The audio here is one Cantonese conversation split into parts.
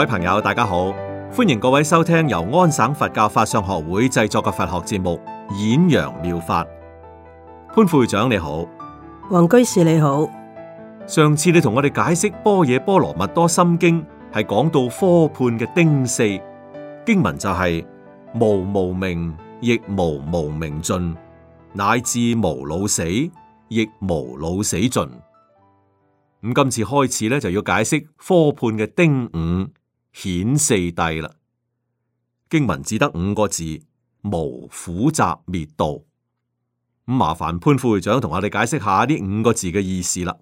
各位朋友，大家好，歡迎各位收聽由安省佛教法相學會製作嘅佛學節目《演揚妙，妙法》。潘副會長你好，黃居士你好。上次你同我哋解釋《般若波羅蜜多心經》係講到科判嘅丁四經文就係、是、無無明，亦無無明盡，乃至無老死亦無老死盡。咁今次開始咧就要解釋科判嘅丁五。顯四諦啦，經文只得五個字：無苦集滅道。咁麻煩潘副會長同我哋解釋下呢五個字嘅意思啦。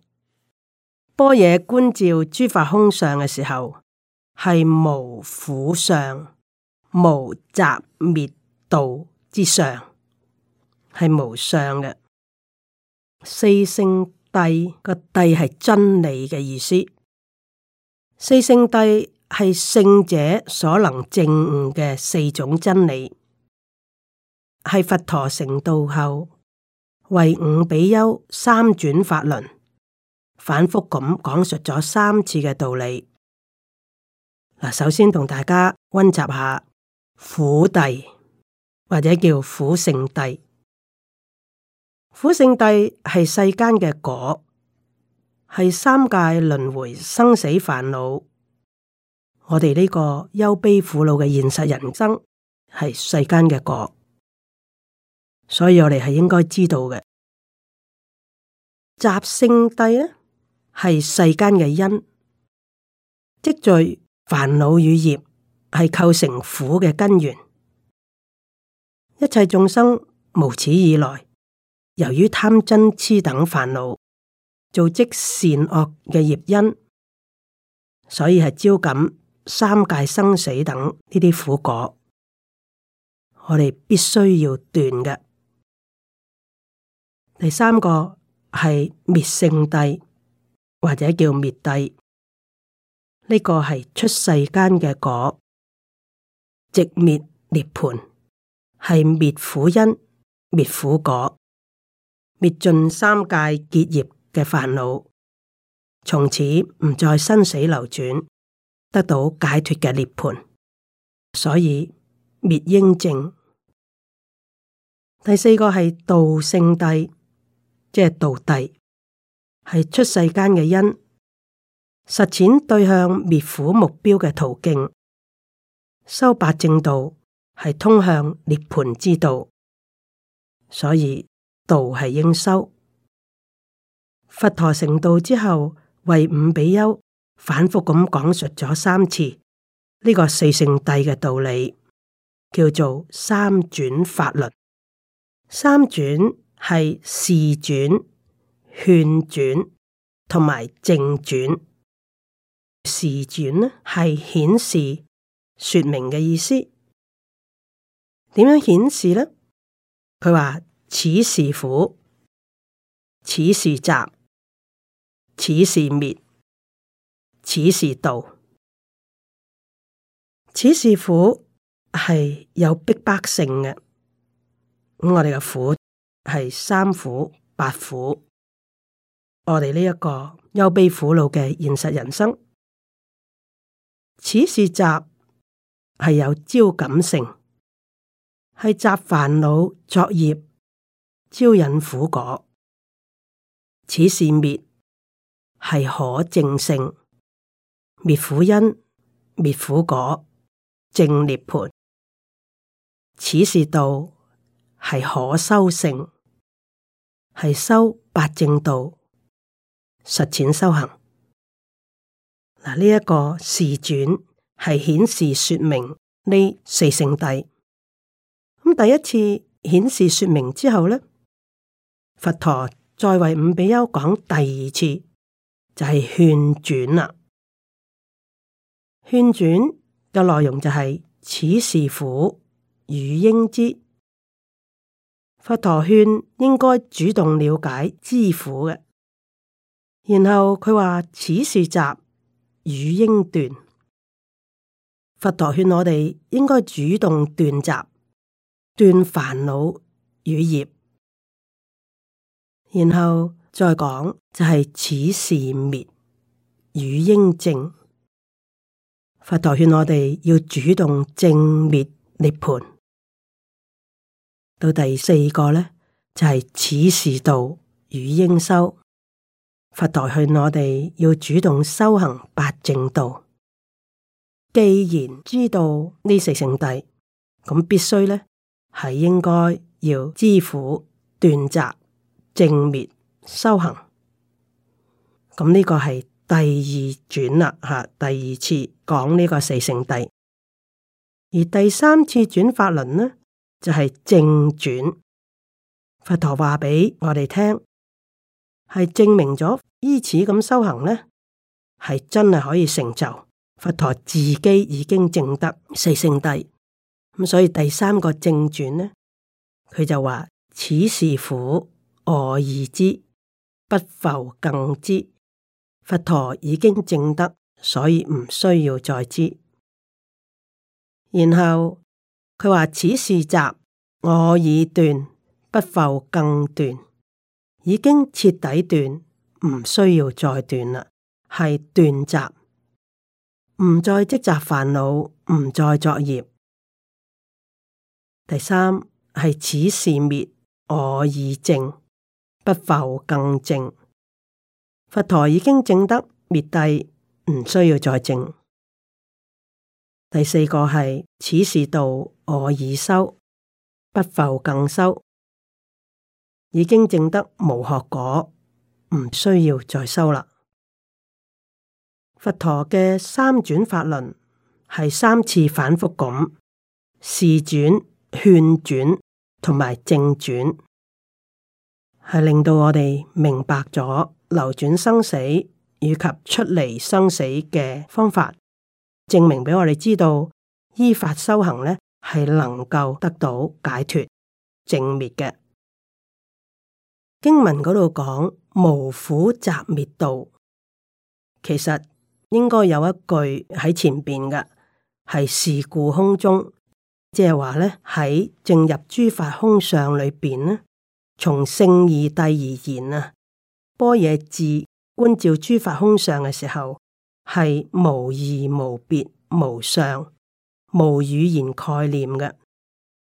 般若觀照諸法空相嘅時候，係無苦相、無集滅道之上，係無相嘅。四聖諦個諦係真理嘅意思，四聖諦。係聖者所能證悟嘅四種真理，係佛陀成道後為五比丘三轉法輪，反覆咁講述咗三次嘅道理。嗱，首先同大家溫習下苦諦，或者叫苦聖諦。苦聖諦係世間嘅果，係三界輪回生死煩惱。我哋呢個憂悲苦惱嘅現實人生係世間嘅果，所以我哋係應該知道嘅。集聖諦呢，係世間嘅因，積聚煩惱與業係構成苦嘅根源。一切眾生無始以來，由於貪嗔癡等煩惱造積善惡嘅業因，所以係招感。三界生死等呢啲苦果，我哋必須要斷嘅。第三個係滅聖諦，或者叫滅諦，呢個係出世間嘅果，直滅涅槃，係滅苦因、滅苦果，滅盡三界結業嘅煩惱，從此唔再生死流轉。得到解脫嘅涅槃，所以滅應證。第四個係道聖諦，即係道諦，係出世間嘅因，實踐對向滅苦目標嘅途徑。修八正道係通向涅槃之道，所以道係應修。佛陀成道之後為五比丘，反覆咁講述咗三次呢個四聖諦嘅道理，叫做三轉法輪。三轉係示轉、勸轉同埋正轉。示轉呢係顯示、說明嘅意思。點樣顯示呢？佢話：此是苦，此是集，此是滅。此是道，此是苦，係有逼迫性嘅。咁我哋嘅苦係三苦、八苦。我哋呢一個憂悲苦惱嘅現實人生。此是集，係有招感性，係集煩惱作業招引苦果。此是滅，係可證性。滅苦因，滅苦果，正涅槃。此是道係可修性，係修八正道實踐修行。嗱，呢一個示轉係顯示說明呢四聖諦。咁第一次顯示說明之後咧，佛陀再為五比丘講第二次，就係、是、勸轉啦。勸轉嘅內容就係、是、此是苦，汝應知。佛陀勸應該主動了解知苦嘅。然後佢話此是集，汝應斷。佛陀勸我哋應該主動斷集，斷煩惱與業。然後再講就係、是、此是滅，汝應證。佛陀勸我哋要主動正滅涅槃。到第四個呢，就係、是、此是道與應修。佛陀勸我哋要主動修行八正道。既然知道呢四聖諦，咁必須呢係應該要知苦斷集正滅修行。咁呢個係。第二轉啦，吓，第二次講呢個四聖諦，而第三次轉法輪呢，就係、是、正轉。佛陀話畀我哋聽，係證明咗，依此咁修行呢，係真係可以成就。佛陀自己已經證得四聖諦，咁所以第三個正轉呢，佢就話：此是苦，我已知，不復更知。佛陀已經證得，所以唔需要再知。然後佢話，此是集，我已斷，不復更斷，已經徹底斷，唔需要再斷啦，係斷集，唔再積集煩惱，唔再作業。第三係此是滅，我已證，不復更證。佛陀已經證得滅諦，唔需要再證。第四個係此是道，我已修，不復更修，已經證得無學果，唔需要再修啦。佛陀嘅三轉法輪係三次反複咁示轉、勸轉同埋正轉，係令到我哋明白咗，流轉生死以及出離生死嘅方法，證明畀我哋知道，依法修行呢係能夠得到解脱正滅嘅。經文嗰度講無苦集滅道，其實應該有一句喺前邊嘅，係是故空中，即係話呢，喺正入諸法空相裏邊呢，從聖義諦而言啊。般若智觀照諸法空相嘅時候，係無異無別、無相、無語言概念嘅，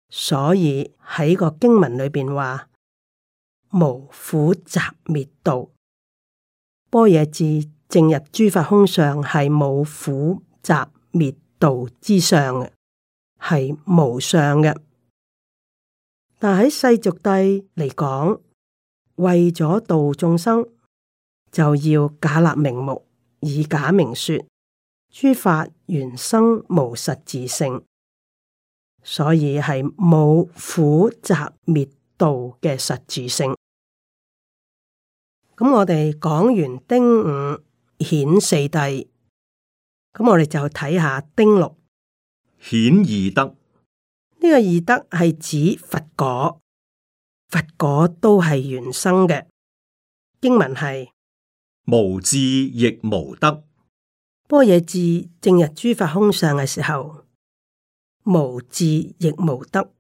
所以喺個經文裏邊話無苦集滅道。般若智正入諸法空相，係無苦集滅道之相嘅，係無相嘅。但喺世俗諦嚟講。為咗度眾生，就要假立名目，以假名說，諸法緣生無實自性，所以係冇苦集滅道嘅實自性。咁我哋講完丁五顯四諦，咁我哋就睇下丁六顯二德。呢個二德係指佛果。佛果都係原生嘅，經文係無智亦無得。般若智正入諸法空相嘅時候，無智亦無得。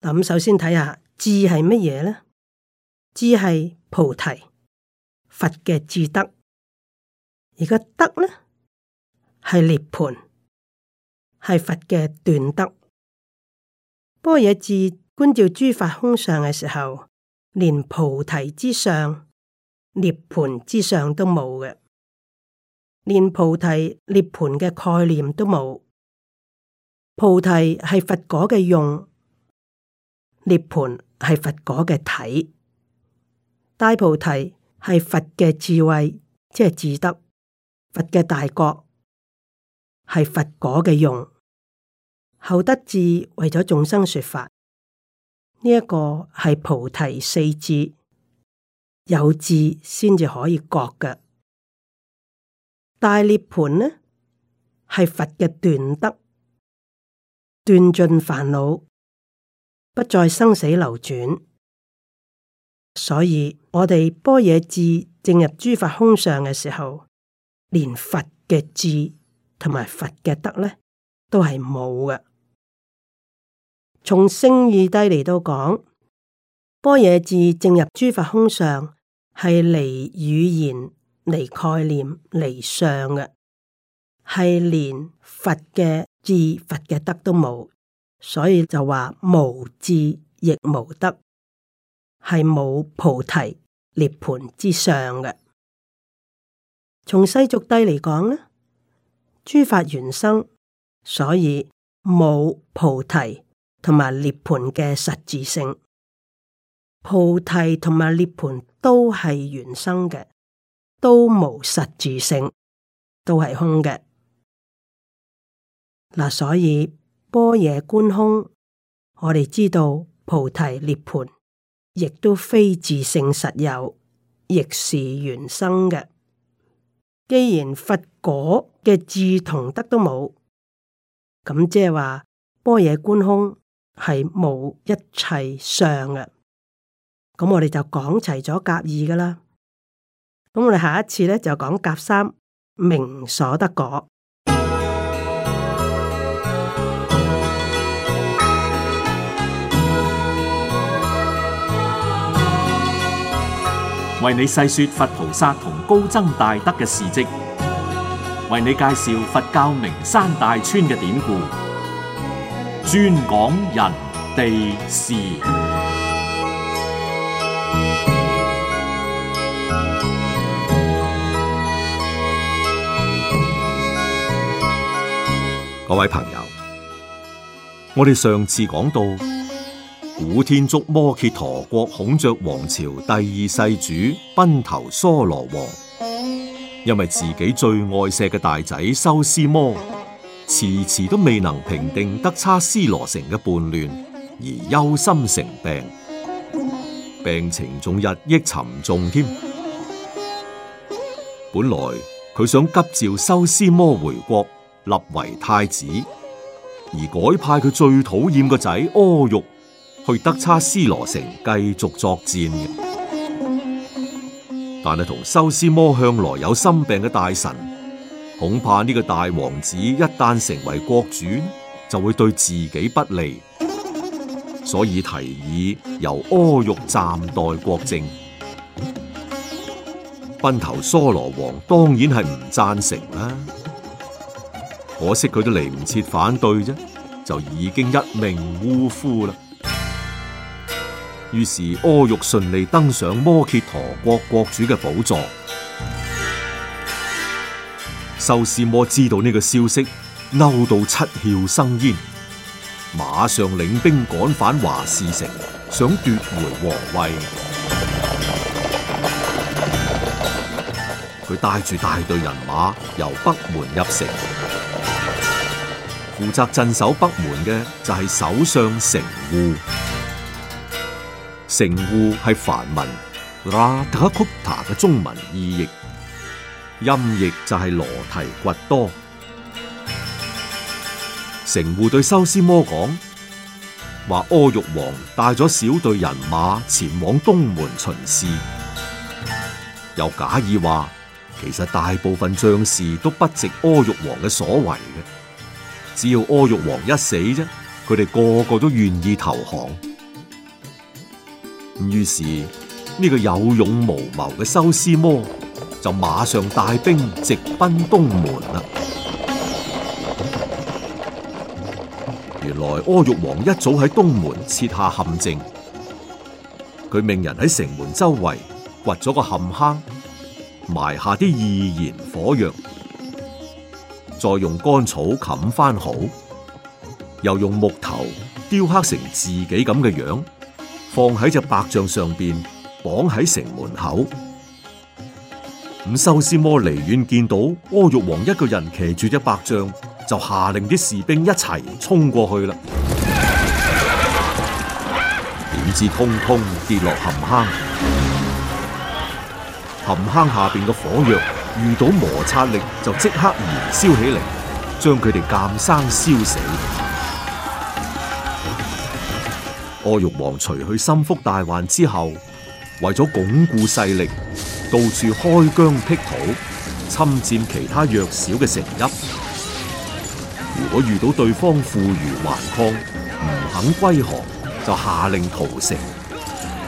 咁首先睇下智係乜嘢咧？智係菩提佛嘅智德，而個德咧係涅槃，係佛嘅斷德。般若智。觀照諸法空相嘅時候，連菩提之上，涅盤之上都冇嘅，連菩提涅盤嘅概念都冇。菩提係佛果嘅用，涅盤係佛果嘅體。大菩提係佛嘅智慧，即係智德。佛嘅大覺係佛果嘅用。後得智為咗眾生說法。呢一個係菩提四智，有智先至可以覺嘅。大涅槃呢，係佛嘅斷德，斷盡煩惱，不再生死流轉。所以我哋般若智正入諸法空相嘅時候，連佛嘅智同埋佛嘅德呢，都係冇嘅。從勝義諦嚟到講，般若智正入諸法空相，係離語言、離概念、離相嘅，係連佛嘅智、佛嘅德都冇，所以就話無智亦無得，係冇菩提涅槃之上嘅。從世俗諦嚟講呢，諸法緣生，所以冇菩提，同埋涅盤嘅實質性菩提同埋涅盤都係原生嘅，都冇實質性，都係空嘅。嗱，所以般若觀空，我哋知道菩提涅盤亦都非自性實有，亦是原生嘅。既然佛果嘅智同德都冇，咁即係話般若觀空。係冇一切相嘅，咁我哋就講齊咗甲二噶啦，咁我哋下一次咧就講甲三明所得果。為你細說佛菩薩同高僧大德嘅事跡，為你介紹佛教名山大川嘅典故。專講人哋事，各位朋友，我哋上次講到古天竺摩羯陀國孔雀王朝第二世主賓頭娑羅王，因為自己最愛錫嘅大仔修斯摩，遲遲都未能平定德差斯羅城嘅叛亂，而憂心成病，病情仲日益沉重添。本來佢想急召修斯摩回國立為太子，而改派佢最討厭嘅仔阿育去德差斯羅城繼續作戰嘅，但係同修斯摩向來有心病嘅大臣。恐怕呢個大王子一旦成為國主，就會對自己不利，所以提議由阿育暫代國政。奔頭娑羅王當然係唔贊成啦，可惜佢都嚟唔切反對啫，就已經一命嗚呼啦。於是阿育順利登上摩羯陀國國主嘅寶座。修施摩知道呢個消息，嬲到七竅生煙，馬上領兵趕返華士城，想奪回王位。佢帶住大隊人馬由北門入城，負責鎮守北門嘅就係首相城護。城護係梵文 Ratakuta 嘅中文意譯。陰役就係羅提掘多，城戶對修斯摩講話，柯玉王帶咗小隊人馬前往東門巡視，又假意話其實大部分將士都不值柯玉王嘅所為嘅，只要柯玉王一死啫，佢哋個個都願意投降。於是呢、這個有勇無謀嘅修斯摩，就馬上帶兵直奔東門啦！原來阿育王一早喺東門設下陷阱，佢命人喺城門周圍掘咗個陷坑，埋下啲易燃火藥，再用乾草冚翻好，又用木頭雕刻成自己咁嘅樣，放喺隻白象上邊，綁喺城門口。五修斯摩離遠見到阿育王一個人騎住一百丈，就下令啲士兵一齊衝過去啦。點知通通跌落陷坑，陷坑下邊嘅火藥遇到摩擦力就即刻燃燒起嚟，將佢哋生生燒死。阿育王除去心腹大患之後，為咗鞏固勢力。到處開疆闢土，侵佔其他弱小嘅城邑。如果遇到對方負隅頑抗，唔肯歸降，就下令屠城。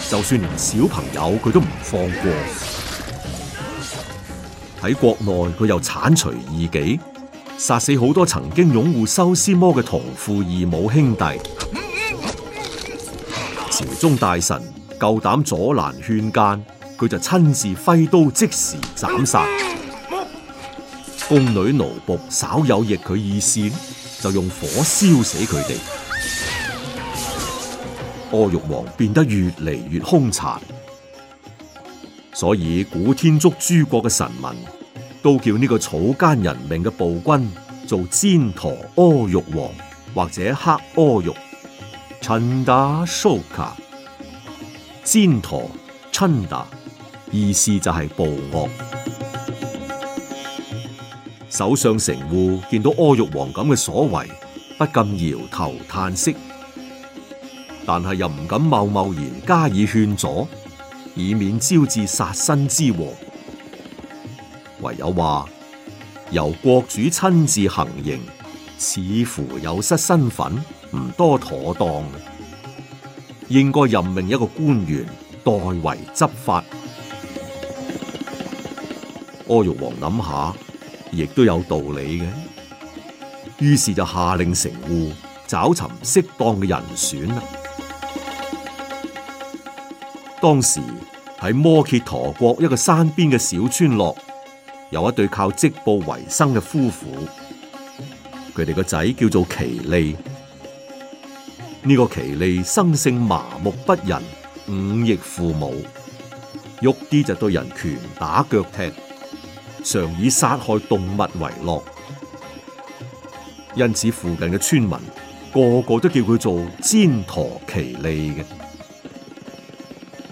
就算連小朋友佢都唔放過。喺國內佢又鏟除異己，殺死好多曾經擁護修斯摩嘅同父異母兄弟。朝中大臣夠膽阻攔勸諫。佢就親自揮刀即時斬殺，宮女奴僕稍有逆佢意思，就用火燒死佢哋。阿育王變得越嚟越兇殘，所以古天竺諸國嘅臣民都叫呢個草菅人命嘅暴君做旃陀阿育王，或者黑阿育、陳達蘇卡、旃陀陳達。意思就係暴惡，首相成戶見到阿育王咁嘅所為，不禁搖頭嘆息，但係又唔敢貿貿然加以勸阻，以免招致殺身之禍。唯有話由國主親自行刑，似乎有失身份，唔多妥當，應該任命一個官員代為執法。阿育王諗下，亦都有道理嘅，於是就下令城戶找尋適當嘅人選啦。當時喺摩羯陀國一個山邊嘅小村落，有一對靠織布為生嘅夫婦，佢哋個仔叫做奇利。呢、這個奇利生性麻木不仁，忤逆父母，喐啲就對人拳打腳踢。常以殺害動物為樂，因此附近嘅村民個個都叫佢做旃陀奇利嘅。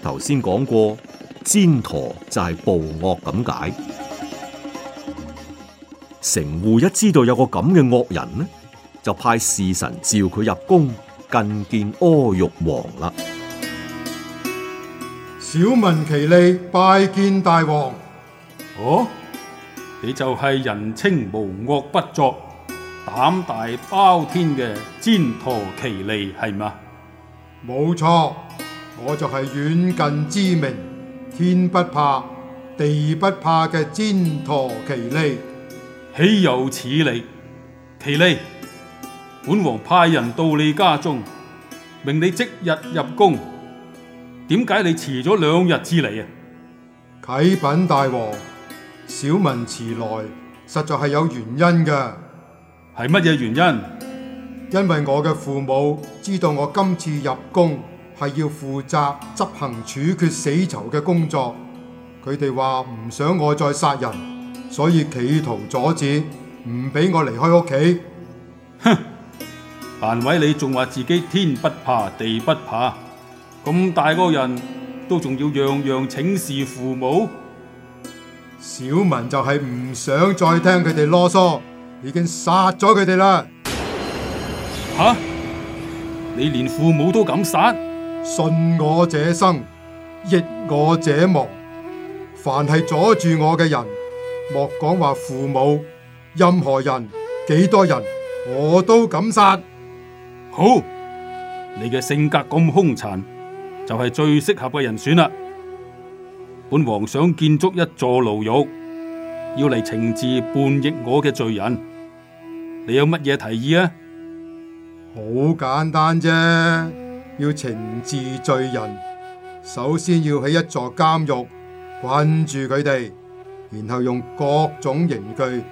頭先講過，旃陀就係暴惡咁解。城戶一知道有個咁嘅惡人呢，就派侍臣召佢入宮，覲見阿育王啦。小民奇利拜見大王。哦、啊。你就係人稱無惡不作、膽大包天嘅旃陀奇利係嘛？冇錯，我就係遠近之名、天不怕地不怕嘅旃陀奇利。豈有此理！奇利，本王派人到你家中，命你即日入宮，點解你遲咗兩日之嚟？啊？啟稟大王。小文遲來，實在係有原因嘅。係乜嘢原因？因為我嘅父母知道我今次入宮係要負責執行處決死囚嘅工作，佢哋話唔想我再殺人，所以企圖阻止，唔俾我離開屋企。哼！難為你仲話自己天不怕地不怕，咁大個人都仲要樣樣請示父母？小民就係唔想再聽佢哋囉嗦，已經殺咗佢哋啦。吓、啊？你連父母都敢殺？信我者生，逆我者亡。凡係阻住我嘅人，莫講話父母，任何人，幾多人我都敢殺。好，你嘅性格咁兇殘，就係、是、最適合嘅人選啦。本王想建築一座牢獄，要嚟懲治叛逆我嘅罪人。你有乜嘢提議啊？好簡單啫，要懲治罪人，首先要起一座監獄困住佢哋，然後用各種刑具，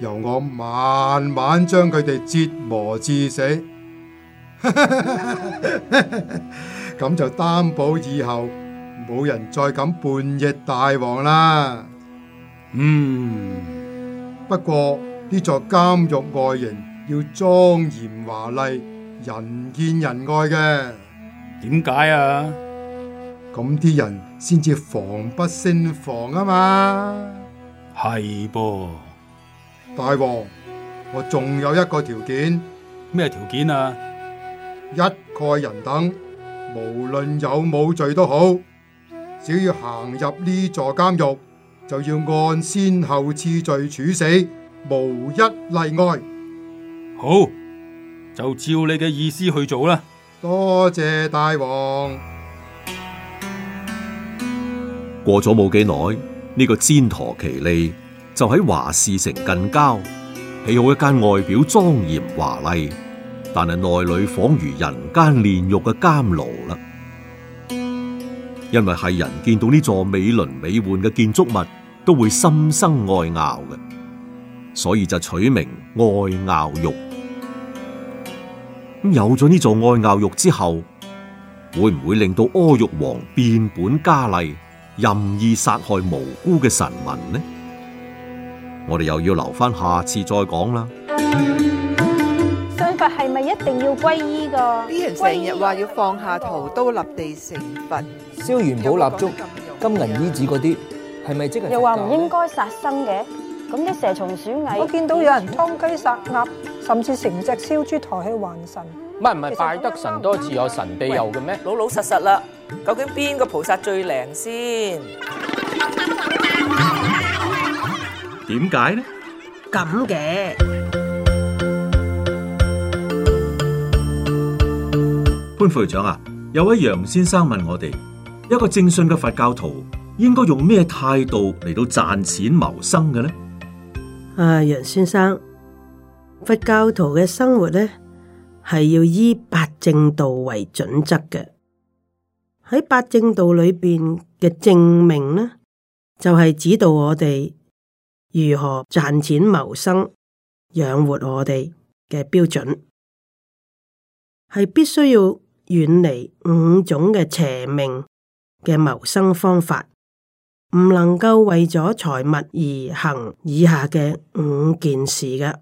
由我慢慢將佢哋折磨致死。咁 就擔保以後。冇人再敢叛逆大王啦。嗯，不過呢座監獄外形要莊嚴華麗，人見人愛嘅。點解啊？咁啲人先至防不勝防啊嘛。係噃吧，大王，我仲有一個條件。咩條件啊？一概人等，無論有冇罪都好。只要行入呢座監獄，就要按先後次序處死，無一例外。好，就照你嘅意思去做啦。多謝大王。過咗冇幾耐，呢個旃陀奇利就喺華士城近郊起好一間外表莊嚴華麗，但係內裏仿如人間煉獄嘅監牢啦。因為係人見到呢座美輪美奐嘅建築物，都會心生愛樂嘅，所以就取名愛樂獄。咁有咗呢座愛樂獄之後，會唔會令到阿育王變本加厲，任意殺害無辜嘅臣民呢？我哋又要留翻下，下次再講啦。係咪一定要皈依噶？啲人成日話要放下屠刀立地成佛，燒元寶蠟燭、金銀衣紙嗰啲，係咪即係？又話唔應該殺生嘅，咁啲蛇蟲鼠蟻，我見到有人劏雞殺鴨，甚至成隻燒豬抬去還神。唔係唔係，拜得神多自有神庇佑嘅咩？老老實實啦，究竟邊個菩薩最靈先？點解呢？咁嘅。潘會長啊，有位楊先生問我哋，一個正信嘅佛教徒應該用咩態度嚟到賺錢謀生嘅呢？啊，楊先生，佛教徒嘅生活呢，係要依八正道為準則嘅。喺八正道裏邊嘅正命呢，就係、是、指導我哋如何賺錢謀生、養活我哋嘅標準，係必須要，遠離五種嘅邪命嘅謀生方法，唔能夠為咗財物而行以下嘅五件事嘅。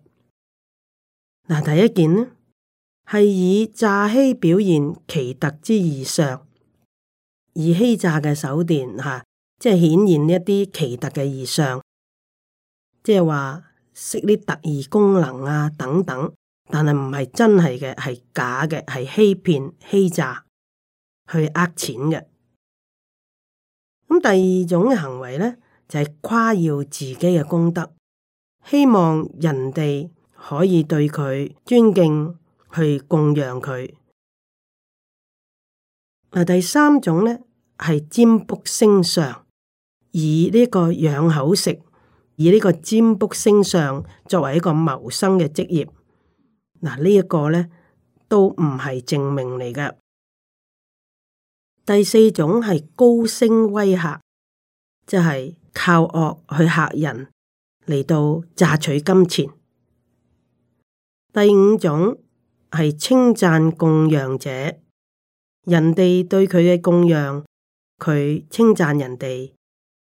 嗱，第一件呢，係以詐欺表現奇特之異常，以欺詐嘅手段吓、啊，即係顯現一啲奇特嘅異常，即係話識啲特異功能啊等等。但係唔係真係嘅，係假嘅，係欺騙、欺詐去呃錢嘅。咁第二種行為呢，就係、是、誇耀自己嘅功德，希望人哋可以對佢尊敬，去供養佢。嗱，第三種呢，係占卜星相，以呢一個養口食，以呢個占卜星相作為一個謀生嘅職業。嗱，呢一個咧都唔係證明嚟㗎。第四種係高聲威嚇，即係靠惡去嚇人嚟到榨取金錢。第五種係稱讚供養者，人哋對佢嘅供養，佢稱讚人哋，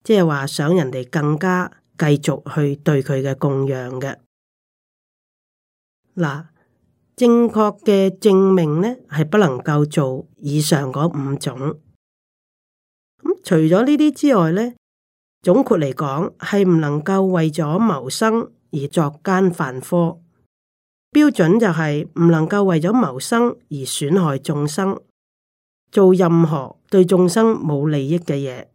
即係話想人哋更加繼續去對佢嘅供養嘅。嗱。正確嘅證明咧，係不能夠做以上嗰五種。除咗呢啲之外咧，總括嚟講係唔能夠為咗謀生而作奸犯科。標準就係唔能夠為咗謀生而損害眾生，做任何對眾生冇利益嘅嘢，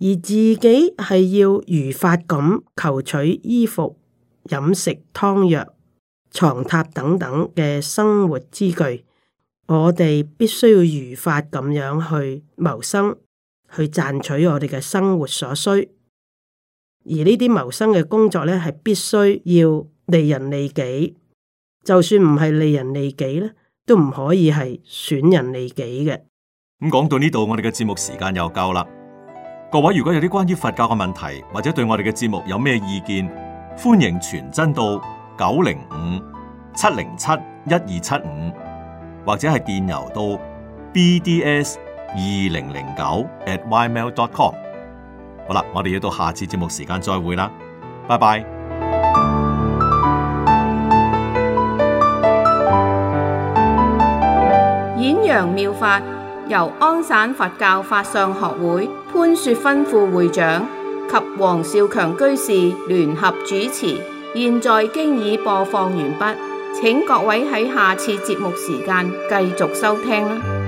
而自己係要如法咁求取衣服、飲食、湯藥、床榻等等嘅生活之具，我哋必須要如法咁樣去謀生，去賺取我哋嘅生活所需。而呢啲謀生嘅工作咧，係必須要利人利己。就算唔係利人利己咧，都唔可以係損人利己嘅。咁講到呢度，我哋嘅節目時間又夠啦。各位如果有啲關於佛教嘅問題，或者對我哋嘅節目有咩意見，歡迎傳真到。九零五七零七一二七五，75，或者係電郵到 bds 二零零九 at ymail.com。好啦，我哋要到下次節目時間再會啦，拜拜。演揚妙法由安省佛教法相學會潘雪芬副會長及黃少強居士聯合主持。現在經已播放完畢，請各位喺下次節目時間繼續收聽啦。